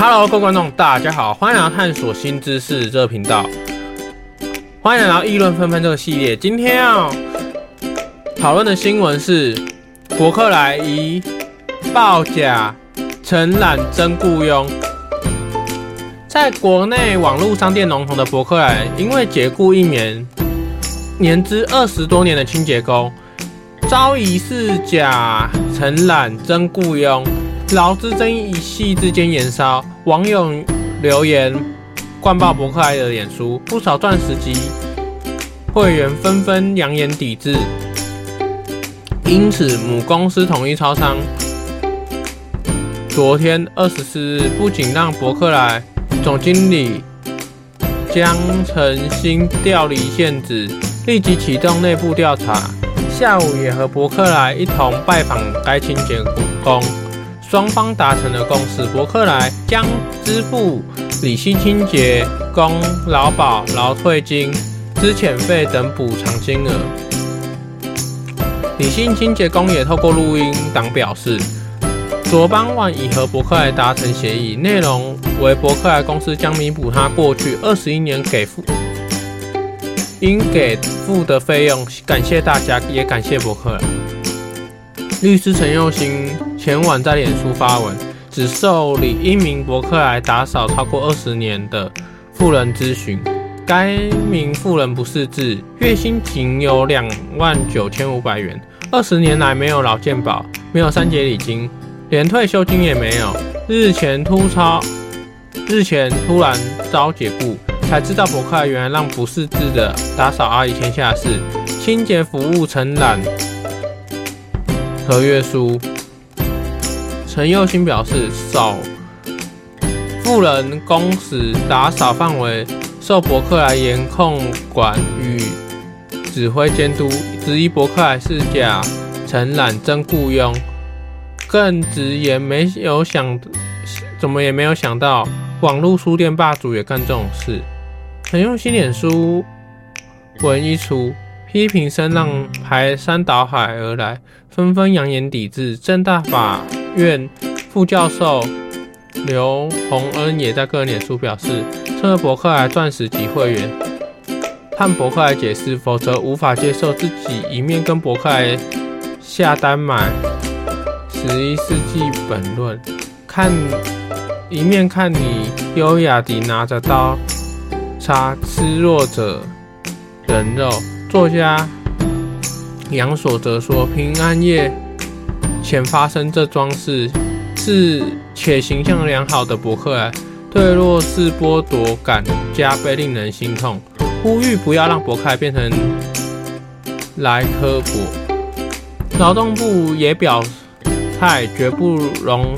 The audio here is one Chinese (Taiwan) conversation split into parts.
哈嘍各位觀眾，大家好，歡迎來探索新知識這個頻道，歡迎來到議論紛紛這個系列。今天要、哦、討論的新聞是，博客來疑爆假承攬真僱傭。在國內網絡商店龍頭的博客來，因為解僱一名年資二十多年的清潔工，遭疑是假承攬真僱傭。勞資爭議一夕之間延燒，網友留言灌爆博客來的臉書，不少鑽石級會員紛紛揚言抵制。因此，母公司統一超商昨天二十四日不僅讓博客來總經理江承新調離現職，立即啟動內部調查，下午也和博客來一同拜訪該清潔工。雙方達成的共識，博客來將支付女性清潔工勞保、勞退金、資遣費等補償金額。女性清潔工也透過錄音檔表示，昨傍晚已和博客來達成協議，內容為博客來公司將彌補他過去二十一年給付應給付的費用。感謝大家，也感謝博客來律師陳佑心。前晚在臉書發文，只受理一名博客來打掃超過二十年的婦人諮詢。該名婦人不識字，月薪僅有兩萬九千五百元，二十年來沒有勞健保，沒有三節禮金，連退休金也沒有。日前突超，日前突然遭解雇，才知道博客來原來讓不識字的打掃阿姨簽下這，清潔服務承攬合約書。陳佑新表示，掃富人公使打掃範圍受博客來嚴控管與指揮監督，質疑博客來是假承攬真僱傭，更直言沒有想，怎麼也沒有想到網絡書店霸主也幹這種事。陳佑新臉書文一出，批評聲浪排山倒海而來，紛紛揚言抵制正大法。院副教授劉洪恩也在個人臉書表示，趁著博客來鑽石級會員，看博客來解釋，否則無法接受自己一面跟博客來下單買《十一世紀本論》，看一面看你優雅地拿着刀叉吃弱者人肉。作家楊索則說，平安夜。前發生這樁事，是且形象良好的博客來，對弱勢剝奪感加倍令人心痛，呼籲不要讓博客來變成萊科博，勞動部也表態，絕不容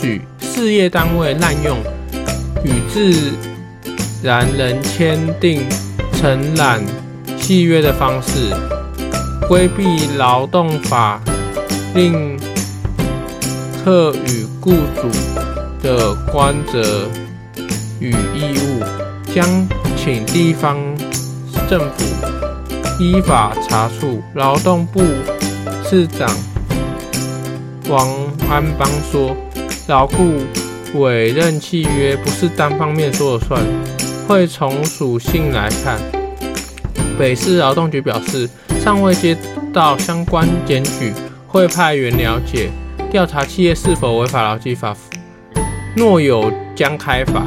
許事業單位濫用與自然人簽訂承攬契約的方式，規避勞動法。令特與雇主的關責與義務，將請地方政府依法查處。勞動部市長王安邦說：“勞雇委任契約不是單方面說了算，會從屬性來看。”北市勞動局表示，尚未接到相關檢舉。會派員了解調查企業是否違法勞基法，若有將開罰。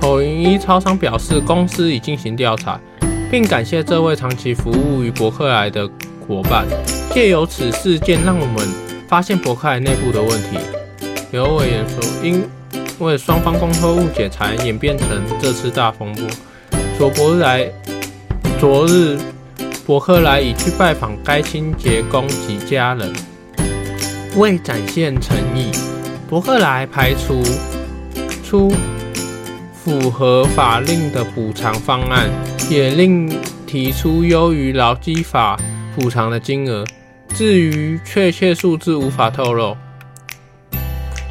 統一超商表示，公司已進行調查，並感謝這位長期服務於博客來的夥伴，借由此事件讓我們發現博客來內部的問題。劉委員說，因為雙方溝通誤解才演變成這次大風波。昨博客來昨日。博客來已去拜訪該清潔工及家人，為展現誠意，博客來排除出，出符合法令的補償方案，也另提出優於勞基法補償的金額。至於確切數字無法透露。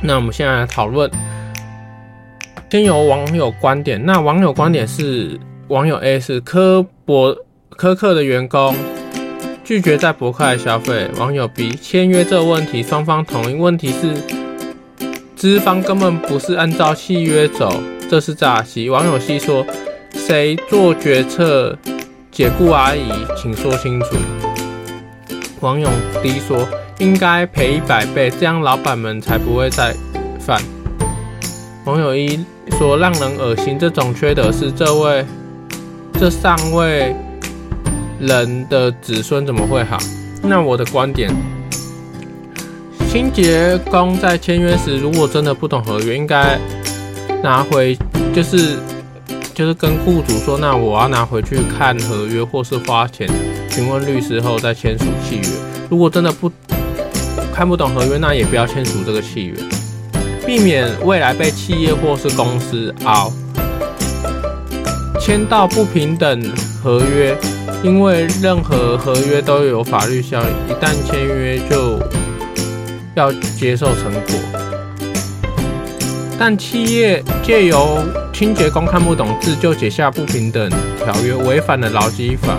那我們現在來討論，先由網友觀點。那網友觀點是網友 S 科博。苛刻的員工拒絕在博客來消費。網友 B 簽約，這問題雙方同一意問題，問題是資方根本不是按照契約走，這是詐欺。網友 C 說，誰做決策解雇阿姨，請說清楚。網友 D 說，應該賠一百倍，這樣老闆們才不會再犯。網友 E 說讓人噁心，這種缺德事這位，這上位人的子孫怎麼會好？那我的觀點，清潔工在簽約時，如果真的不懂合約，應該拿回，就是就是跟僱主說，那我要拿回去看合約，或是花錢詢問律師後再簽署契約。如果真的不看不懂合約，那也不要簽署這個契約，避免未來被企業或是公司熬簽到不平等合約。因為任何合約都有法律效應，一旦簽約就要接受成果。但企業借由清潔工看不懂字就寫下不平等條約，違反了勞基法，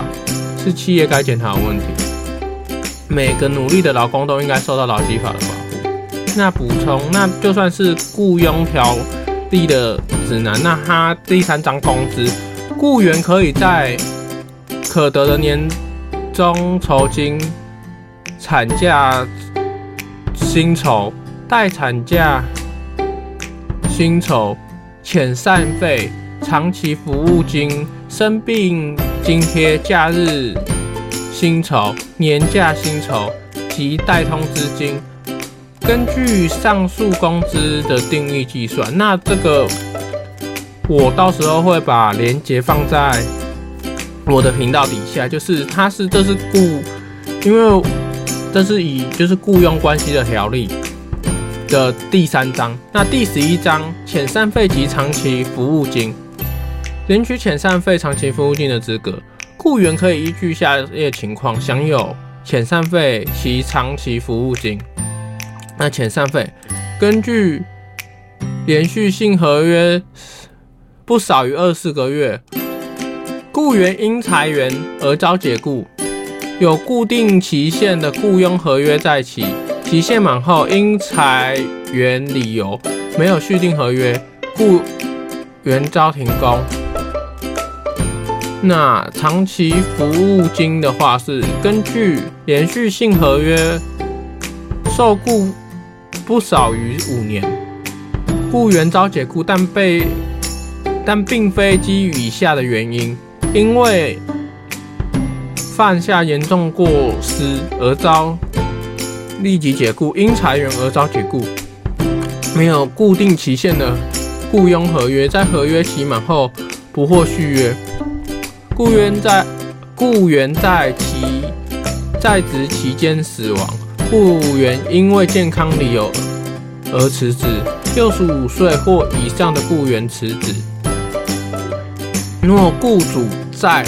是企業該檢討的問題。每個努力的勞工都應該受到勞基法的保護。那補充，那就算是雇傭條例的指南，那它第三章工資，雇員可以在。可得的年終酬金、產假薪酬、待產假薪酬、遣散費、長期服務金、生病津貼、假日薪酬、年假薪酬及代通知金，根據上述工資的定義計算。那這個我到時候會把鏈接放在。我的頻道底下就是，他是這是僱，因為這是以就是僱傭關係的條例的第三章，那第十一章遣散費及長期服務金。領取遣散費、長期服務金的資格，僱員可以依據下列情況享有遣散費及長期服務金。那遣散費根據連續性合約不少於二十四個月。僱員因裁員而遭解僱，有固定期限的僱傭合約在起期，期限滿後因裁員理由沒有續訂合約，僱員遭停工。那長期服務金的話是根據連續性合約受僱不少於五年，僱員遭解僱，但被但並非基於以下的原因。因為犯下嚴重過失而遭立即解僱，因裁員而遭解僱。沒有固定期限的僱傭合約，在合約期滿後不獲續約。僱員在僱員在其在職期間死亡，僱員因為健康理由而辭職，六十五歲或以上的僱員辭職。如果僱主，在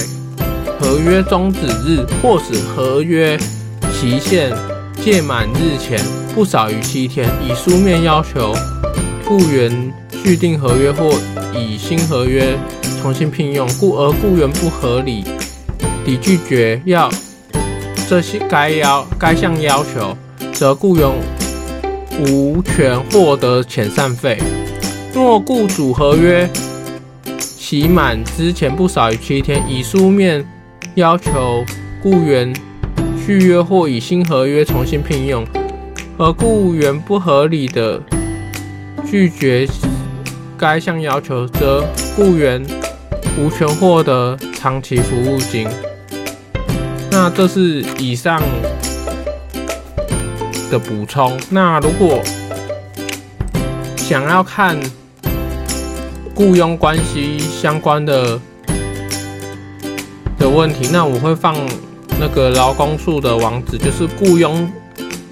合約終止日或使合約期限屆滿日前不少於七天，以書面要求僱員續訂合約或以新合約重新聘用僱員，而僱員不合理的拒絕要這些該要該項要求，則僱員無權獲得遣散費。若僱主合約。期滿之前不少於七天，以書面要求僱員續約或以新合約重新聘用，而僱員不合理的拒絕該項要求，則僱員無權獲得長期服務金。那這是以上的補充。那如果想要看，僱傭關係相關的的問題，那我會放那個勞工處的網址，就是《僱傭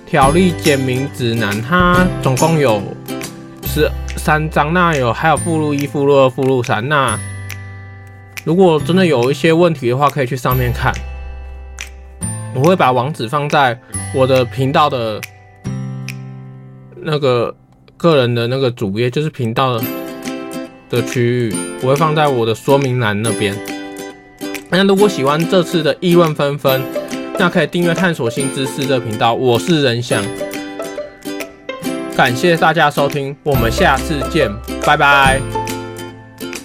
條例簡明指南》，它總共有十三章，那有還有附錄一、附錄二、附錄三。那如果真的有一些問題的話，可以去上面看。我會把網址放在我的頻道的那個個人的那個主頁，就是頻道的。的區域我會放在我的說明欄那邊。那如果喜歡這次的議論紛紛，那可以訂閱探索新知識這頻道。我是仁翔，感謝大家收聽，我們下次見，拜拜。